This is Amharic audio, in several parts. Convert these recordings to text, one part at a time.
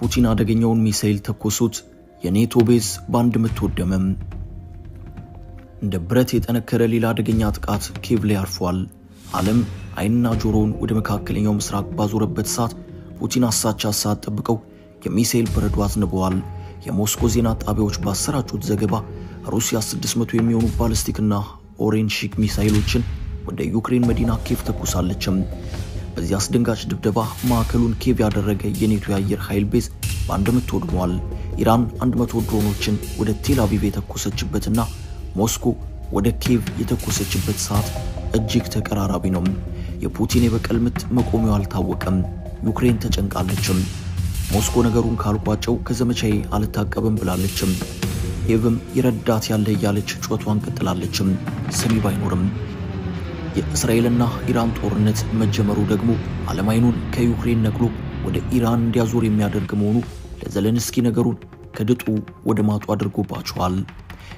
ፑቲን አደገኛውን ሚሳኤል ተኮሱት። የኔቶ ቤዝ በአንድ ምት ወደመም። እንደ ብረት የጠነከረ ሌላ አደገኛ ጥቃት ኬቭ ላይ አርፏል። ዓለም አይንና ጆሮውን ወደ መካከለኛው ምስራቅ ባዞረበት ሰዓት ፑቲን አሳቻ ሰዓት ጠብቀው የሚሳኤል በረዶ አዝንበዋል። የሞስኮ ዜና ጣቢያዎች ባሰራጩት ዘገባ ሩሲያ 600 የሚሆኑ ባለስቲክና ኦሬንሺክ ሚሳኤሎችን ወደ ዩክሬን መዲና ኬቭ ተኩሳለችም። በዚህ አስደንጋጭ ድብደባ ማዕከሉን ኬቭ ያደረገ የኔቶ የአየር ኃይል ቤዝ በአንድ ምት ወድሟል። ኢራን 100 ድሮኖችን ወደ ቴል የተኮሰችበትና ሞስኮ ወደ ኬቭ የተኮሰችበት ሰዓት እጅግ ተቀራራቢ ነው። የፑቲን የበቀል ምት መቆሚያው አልታወቀም። ዩክሬን ተጨንቃለችም። ሞስኮ ነገሩን ካልቋጨው ከዘመቻዬ አልታቀብም ብላለችም። ኬቭም ይረዳት ያለ እያለች ጩኸቷን ቀጥላለችም። ሰሚ ባይኖርም የእስራኤልና ኢራን ጦርነት መጀመሩ ደግሞ ዓለም አይኑን ከዩክሬን ነቅሎ ወደ ኢራን እንዲያዞር የሚያደርግ መሆኑ ለዘለንስኪ ነገሩን ከድጡ ወደ ማጡ አድርጎባቸዋል።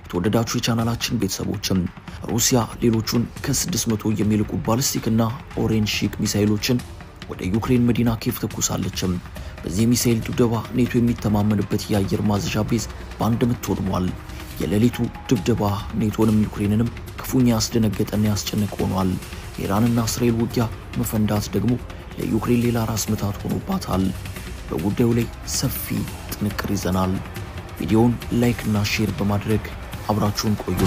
የተወደዳችሁ የቻናላችን ቤተሰቦችም ሩሲያ ሌሎቹን ከ600 የሚልቁ ባልስቲክና ኦሬንጅ ሺክ ሚሳይሎችን ወደ ዩክሬን መዲና ኬፍ ተኩሳለችም። በዚህ ሚሳይል ድብደባ ኔቶ የሚተማመንበት የአየር ማዘዣ ቤዝ በአንድ ምት ወድሟል። የሌሊቱ ድብደባ ኔቶንም ዩክሬንንም ክፉኛ ያስደነገጠና ያስጨንቅ ሆኗል። የኢራንና እስራኤል ውጊያ መፈንዳት ደግሞ ለዩክሬን ሌላ ራስ ምታት ሆኖባታል። በጉዳዩ ላይ ሰፊ ጥንቅር ይዘናል። ቪዲዮውን ላይክ እና ሼር በማድረግ አብራችሁን ቆዩ።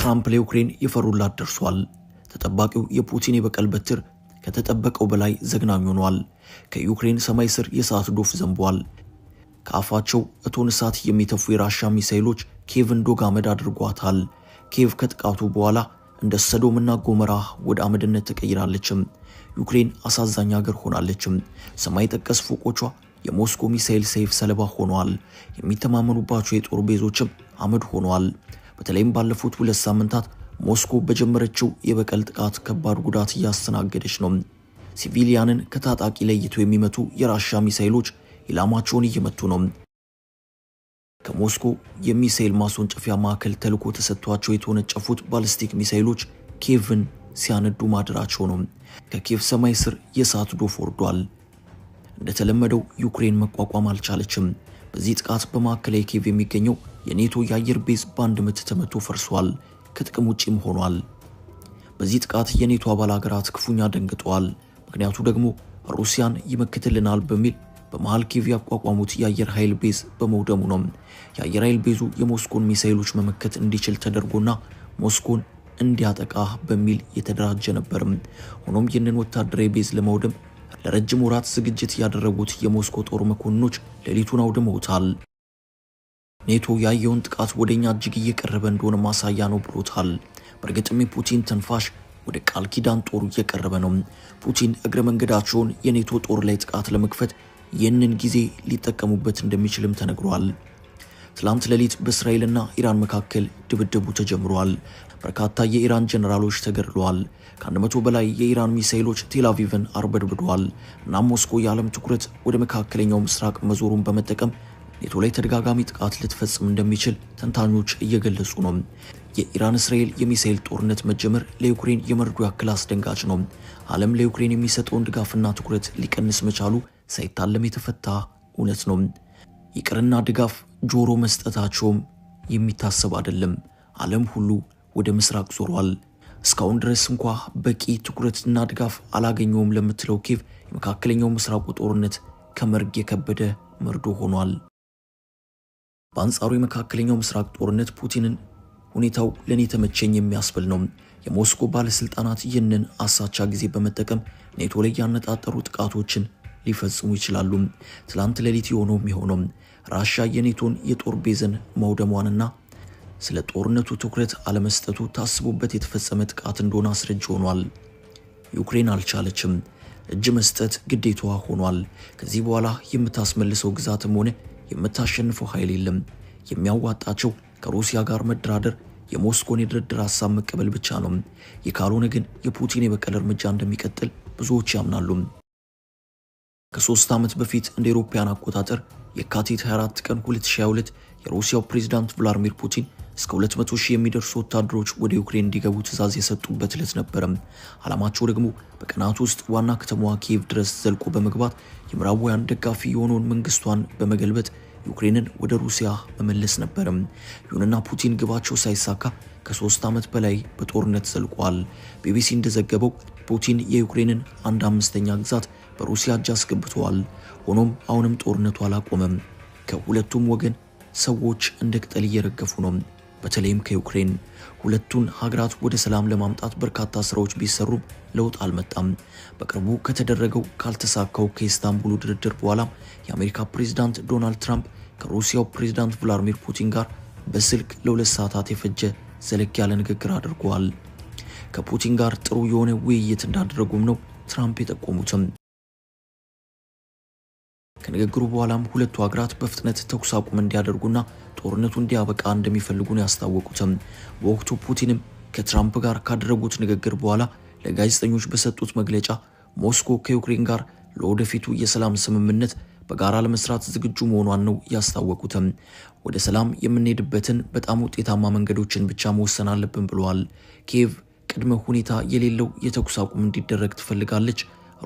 ትራምፕ ለዩክሬን የፈሩላት ደርሷል። ተጠባቂው የፑቲን የበቀል በትር ከተጠበቀው በላይ ዘግናኝ ሆኗል። ከዩክሬን ሰማይ ስር የእሳት ዶፍ ዘንቧል። ከአፋቸው እቶን እሳት የሚተፉ የራሻ ሚሳይሎች ኬቭን ዶግ አመድ አድርጓታል። ኬቭ ከጥቃቱ በኋላ እንደ ሰዶምና ጎመራ ወደ አመድነት ተቀይራለችም። ዩክሬን አሳዛኝ ሀገር ሆናለችም። ሰማይ ጠቀስ ፎቆቿ የሞስኮ ሚሳኤል ሰይፍ ሰለባ ሆኗል። የሚተማመኑባቸው የጦር ቤዞችም አመድ ሆኗል። በተለይም ባለፉት ሁለት ሳምንታት ሞስኮ በጀመረችው የበቀል ጥቃት ከባድ ጉዳት እያስተናገደች ነው። ሲቪሊያንን ከታጣቂ ለይቶ የሚመቱ የራሻ ሚሳኤሎች ኢላማቸውን እየመቱ ነው። ከሞስኮ የሚሳኤል ማስወንጨፊያ ማዕከል ተልዕኮ ተሰጥቷቸው የተወነጨፉት ባሊስቲክ ሚሳኤሎች ኬቭን ሲያነዱ ማደራቸው ነው። ከኬቭ ሰማይ ስር የእሳት ዶፍ ወርዷል። እንደተለመደው ዩክሬን መቋቋም አልቻለችም። በዚህ ጥቃት በማዕከላዊ ኬቭ የሚገኘው የኔቶ የአየር ቤዝ በአንድ ምት ተመቶ ፈርሷል፣ ከጥቅም ውጪም ሆኗል። በዚህ ጥቃት የኔቶ አባል ሀገራት ክፉኛ ደንግጠዋል። ምክንያቱ ደግሞ ሩሲያን ይመክትልናል በሚል በመሃል ኪቭ ያቋቋሙት የአየር ኃይል ቤዝ በመውደሙ ነው። የአየር ኃይል ቤዙ የሞስኮን ሚሳይሎች መመከት እንዲችል ተደርጎና ሞስኮን እንዲያጠቃ በሚል የተደራጀ ነበርም። ሆኖም ይህንን ወታደራዊ ቤዝ ለመውደም ለረጅም ወራት ዝግጅት ያደረጉት የሞስኮ ጦር መኮንኖች ሌሊቱን አውድመውታል። ኔቶ ያየውን ጥቃት ወደ እኛ እጅግ እየቀረበ እንደሆነ ማሳያ ነው ብሎታል። በእርግጥም የፑቲን ትንፋሽ ወደ ቃል ኪዳን ጦሩ እየቀረበ ነው። ፑቲን እግረ መንገዳቸውን የኔቶ ጦር ላይ ጥቃት ለመክፈት ይህንን ጊዜ ሊጠቀሙበት እንደሚችልም ተነግሯል። ትላንት ሌሊት በእስራኤልና ኢራን መካከል ድብድቡ ተጀምሯል። በርካታ የኢራን ጀነራሎች ተገድለዋል። ከአንድ መቶ በላይ የኢራን ሚሳይሎች ቴላቪቭን አርበድብደዋል። እናም ሞስኮ የዓለም ትኩረት ወደ መካከለኛው ምስራቅ መዞሩን በመጠቀም ኔቶ ላይ ተደጋጋሚ ጥቃት ልትፈጽም እንደሚችል ተንታኞች እየገለጹ ነው። የኢራን እስራኤል የሚሳኤል ጦርነት መጀመር ለዩክሬን የመርዶ ያክል አስደንጋጭ ነው። ዓለም ለዩክሬን የሚሰጠውን ድጋፍና ትኩረት ሊቀንስ መቻሉ ሳይታለም የተፈታ እውነት ነው። ይቅርና ድጋፍ ጆሮ መስጠታቸውም የሚታሰብ አይደለም። ዓለም ሁሉ ወደ ምስራቅ ዞሯል። እስካሁን ድረስ እንኳ በቂ ትኩረትና ድጋፍ አላገኘውም ለምትለው ኬቭ የመካከለኛው ምስራቁ ጦርነት ከመርግ የከበደ መርዶ ሆኗል። በአንጻሩ የመካከለኛው ምስራቅ ጦርነት ፑቲንን ሁኔታው ለእኔ ተመቸኝ የሚያስብል ነው። የሞስኮ ባለሥልጣናት ይህንን አሳቻ ጊዜ በመጠቀም ኔቶ ላይ ያነጣጠሩ ጥቃቶችን ሊፈጽሙ ይችላሉ። ትላንት ሌሊት የሆነውም የሆነው ራሻ የኔቶን የጦር ቤዝን መውደሟንና ስለ ጦርነቱ ትኩረት አለመስጠቱ ታስቦበት የተፈጸመ ጥቃት እንደሆነ አስረጅ ሆኗል። ዩክሬን አልቻለችም። እጅ መስጠት ግዴታዋ ሆኗል። ከዚህ በኋላ የምታስመልሰው ግዛትም ሆነ የምታሸንፈው ኃይል የለም። የሚያዋጣቸው ከሩሲያ ጋር መደራደር፣ የሞስኮን የድርድር ሀሳብ መቀበል ብቻ ነው። ይህ ካልሆነ ግን የፑቲን የበቀል እርምጃ እንደሚቀጥል ብዙዎች ያምናሉ። ከሶስት ዓመት በፊት እንደ ኢሮፓያን አቆጣጠር የካቲት 24 ቀን 2022 የሩሲያው ፕሬዝዳንት ቭላድሚር ፑቲን እስከ 200 ሺህ የሚደርሱ ወታደሮች ወደ ዩክሬን እንዲገቡ ትዕዛዝ የሰጡበት ዕለት ነበረም። ዓላማቸው ደግሞ በቀናት ውስጥ ዋና ከተማዋ ኪየቭ ድረስ ዘልቆ በመግባት የምዕራባውያን ደጋፊ የሆነውን መንግስቷን በመገልበጥ ዩክሬንን ወደ ሩሲያ መመለስ ነበረም። ይሁንና ፑቲን ግባቸው ሳይሳካ ከሶስት ዓመት በላይ በጦርነት ዘልቋል። ቢቢሲ እንደዘገበው ፑቲን የዩክሬንን አንድ አምስተኛ ግዛት በሩሲያ እጅ አስገብተዋል። ሆኖም አሁንም ጦርነቱ አላቆመም። ከሁለቱም ወገን ሰዎች እንደ ቅጠል እየረገፉ ነው። በተለይም ከዩክሬን ሁለቱን ሀገራት ወደ ሰላም ለማምጣት በርካታ ስራዎች ቢሰሩም ለውጥ አልመጣም። በቅርቡ ከተደረገው ካልተሳካው ከኢስታንቡሉ ድርድር በኋላ የአሜሪካ ፕሬዝዳንት ዶናልድ ትራምፕ ከሩሲያው ፕሬዝዳንት ቭላዲሚር ፑቲን ጋር በስልክ ለሁለት ሰዓታት የፈጀ ዘለግ ያለ ንግግር አድርጓል። ከፑቲን ጋር ጥሩ የሆነ ውይይት እንዳደረጉም ነው ትራምፕ የጠቆሙትም። ከንግግሩ በኋላም ሁለቱ ሀገራት በፍጥነት ተኩስ አቁም እንዲያደርጉና ጦርነቱ እንዲያበቃ እንደሚፈልጉን ያስታወቁትም። በወቅቱ ፑቲንም ከትራምፕ ጋር ካደረጉት ንግግር በኋላ ለጋዜጠኞች በሰጡት መግለጫ ሞስኮ ከዩክሬን ጋር ለወደፊቱ የሰላም ስምምነት በጋራ ለመስራት ዝግጁ መሆኗን ነው ያስታወቁትም። ወደ ሰላም የምንሄድበትን በጣም ውጤታማ መንገዶችን ብቻ መወሰን አለብን ብለዋል። ኪየቭ ቅድመ ሁኔታ የሌለው የተኩስ አቁም እንዲደረግ ትፈልጋለች።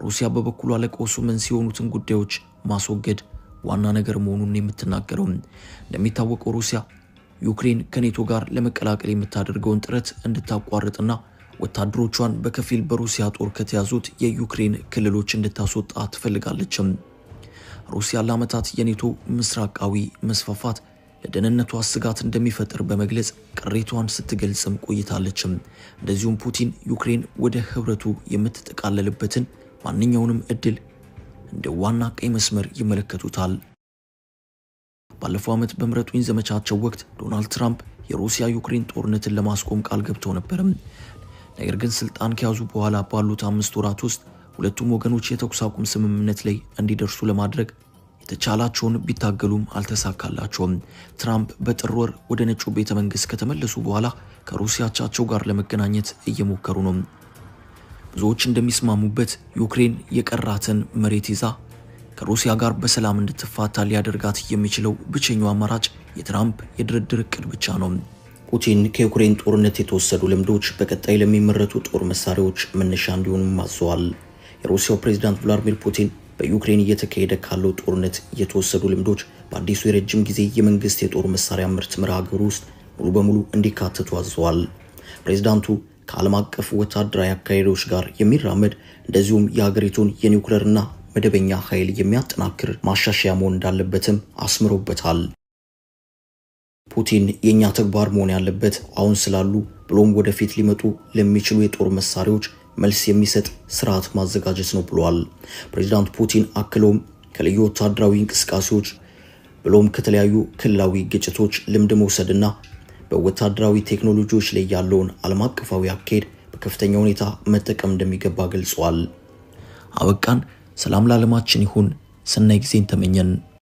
ሩሲያ በበኩሏ ለቀውሱ መንስኤ የሆኑትን ጉዳዮች ማስወገድ ዋና ነገር መሆኑን የምትናገረው እንደሚታወቀው ሩሲያ ዩክሬን ከኔቶ ጋር ለመቀላቀል የምታደርገውን ጥረት እንድታቋርጥና ወታደሮቿን በከፊል በሩሲያ ጦር ከተያዙት የዩክሬን ክልሎች እንድታስወጣ ትፈልጋለችም። ሩሲያ ለዓመታት የኔቶ ምስራቃዊ መስፋፋት ለደህንነቷ ስጋት እንደሚፈጥር በመግለጽ ቅሬቷን ስትገልጽም ቆይታለችም። እንደዚሁም ፑቲን ዩክሬን ወደ ህብረቱ የምትጠቃለልበትን ማንኛውንም እድል እንደ ዋና ቀይ መስመር ይመለከቱታል። ባለፈው ዓመት በምረጡኝ ዘመቻቸው ወቅት ዶናልድ ትራምፕ የሩሲያ ዩክሬን ጦርነትን ለማስቆም ቃል ገብተው ነበርም። ነገር ግን ስልጣን ከያዙ በኋላ ባሉት አምስት ወራት ውስጥ ሁለቱም ወገኖች የተኩስ አቁም ስምምነት ላይ እንዲደርሱ ለማድረግ የተቻላቸውን ቢታገሉም አልተሳካላቸውም። ትራምፕ በጥር ወር ወደ ነጩ ቤተ መንግሥት ከተመለሱ በኋላ ከሩሲያቻቸው ጋር ለመገናኘት እየሞከሩ ነው። ብዙዎች እንደሚስማሙበት ዩክሬን የቀራትን መሬት ይዛ ከሩሲያ ጋር በሰላም እንድትፋታ ሊያደርጋት የሚችለው ብቸኛው አማራጭ የትራምፕ የድርድር እቅድ ብቻ ነው። ፑቲን ከዩክሬን ጦርነት የተወሰዱ ልምዶች በቀጣይ ለሚመረቱ ጦር መሳሪያዎች መነሻ እንዲሆኑም አዘዋል። የሩሲያው ፕሬዚዳንት ቭላድሚር ፑቲን በዩክሬን እየተካሄደ ካለው ጦርነት የተወሰዱ ልምዶች በአዲሱ የረጅም ጊዜ የመንግስት የጦር መሳሪያ ምርት መርሃ ግብር ውስጥ ሙሉ በሙሉ እንዲካተቱ አዝዘዋል። ፕሬዚዳንቱ ከዓለም አቀፍ ወታደራዊ አካሄዶች ጋር የሚራመድ እንደዚሁም የሀገሪቱን የኒውክለርና መደበኛ ኃይል የሚያጠናክር ማሻሻያ መሆን እንዳለበትም አስምሮበታል። ፑቲን የእኛ ተግባር መሆን ያለበት አሁን ስላሉ ብሎም ወደፊት ሊመጡ ለሚችሉ የጦር መሳሪያዎች መልስ የሚሰጥ ስርዓት ማዘጋጀት ነው ብሏል። ፕሬዚዳንት ፑቲን አክሎም ከልዩ ወታደራዊ እንቅስቃሴዎች ብሎም ከተለያዩ ክልላዊ ግጭቶች ልምድ መውሰድና በወታደራዊ ቴክኖሎጂዎች ላይ ያለውን ዓለም አቀፋዊ አካሄድ በከፍተኛ ሁኔታ መጠቀም እንደሚገባ ገልጸዋል። አበቃን። ሰላም ለዓለማችን ይሁን። ሰናይ ጊዜን ተመኘን።